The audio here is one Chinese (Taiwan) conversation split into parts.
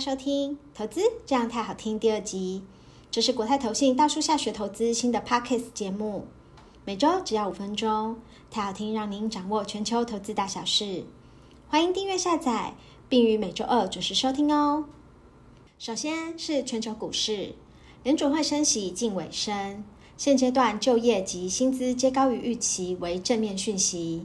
收聽投資，這樣太好聽。第二集，這是國泰投信大樹下學投資新的 Podcast 節目，每周只要五分鐘，太好聽，讓您掌握全球投資大小事。歡迎訂閱下載，並於每周二準時收聽哦。首先是全球股市，聯準會升息已近尾聲，現階段就業及薪資皆高於預期，為正面訊息。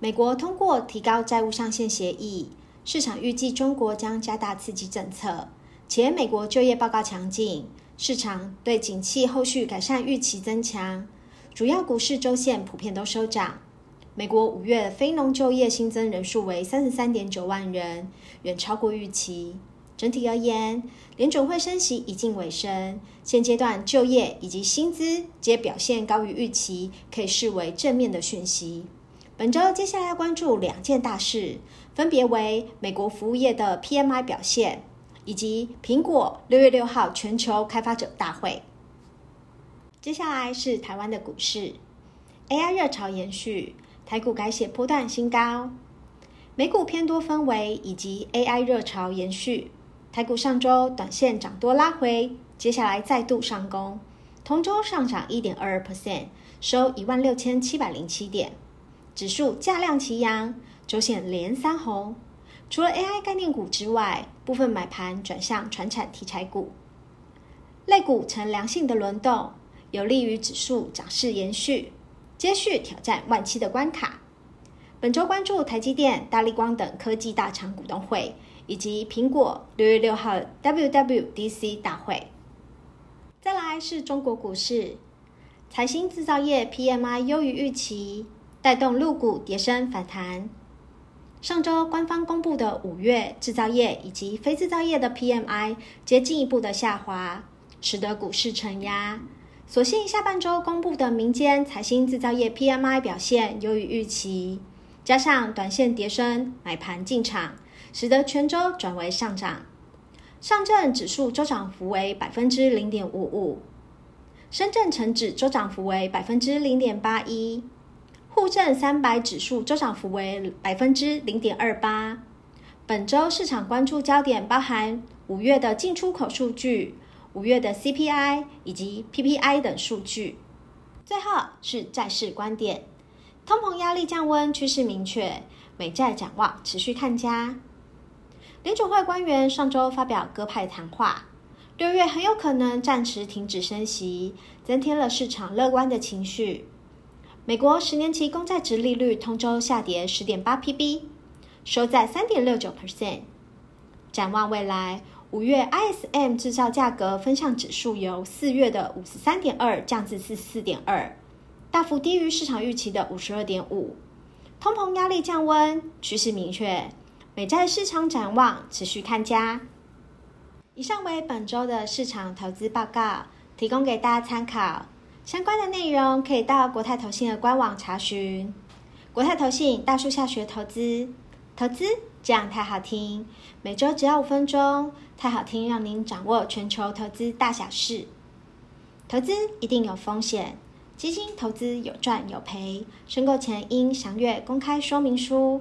美國通過提高債務上限協議。市場預計中國將加大刺激政策，且美國就業報告強勁，市場對景氣後續改善預期增強。主要股市週線普遍都收漲。美國五月非農就業新增人數為三十三點九萬人，遠超過預期。整體而言，聯準會升息已近尾聲，現階段就業以及薪資皆表現高於預期，可以視為正面的訊息。本週接下來要關注兩件大事，分別為美國服務業的 PMI 表現，以及蘋果六月六號全球開發者大會。接下來是台灣的股市，AI 熱潮延續，台股改寫波段新高。美股偏多氛圍，以及 AI 熱潮延續，台股上週短線漲多拉回，接下來再度上攻，同週上漲一點二 percent，收一萬六千七百零七點。指數價量齊揚，周線連三紅。除了 AI 概念股之外，部分買盤轉向傳產題材股，類股呈良性的輪動，有利於指數漲勢延續，接續挑戰萬七的關卡。本周關注台積電、大立光等科技大廠股東會，以及蘋果六月六號 WWDC 大會。再來是中國股市，財新制造業 PMI 優於預期。帶動陸股跌深反彈。上週官方公布的五月製造業以及非製造業的 PMI 皆進一步的下滑，使得股市承壓。所幸下半週公布的民間財新製造業 PMI 表現優於預期，加上短線跌深買盤進場，使得全週轉為上漲。上證指數週漲幅為百分之零點五五，深圳成指週漲幅為百分之零點八一。滬深三百指數週漲幅為百分之零點二八。本週市場關注焦點包含五月的進出口數據、五月的 CPI 以及 PPI 等數據。最後是債市觀點：通膨壓力降溫趨勢明確，美債展望持續看佳。聯準會官員上週發表鴿派談話，六月很有可能暫時停止升息，增添了市場樂觀的情緒。美國十年期公債殖利率通週下跌十點八 p b 收在三點六九 percent。展望未來，五月 ISM 製造價格分項指數由四月的五十三點二降至四十四點二，大幅低於市場預期的五十二點五。通膨壓力降溫趨勢明確，美債市場展望持續看佳。以上為本周的市場投資報告，提供給大家參考。相關的內容可以到國泰投信的官網查詢。國泰投信大樹下學投資，投資這樣太好聽。每週只要五分鐘，太好聽，讓您掌握全球投資大小事。投資一定有風險，基金投資有賺有賠，申購前應詳閱公開說明書。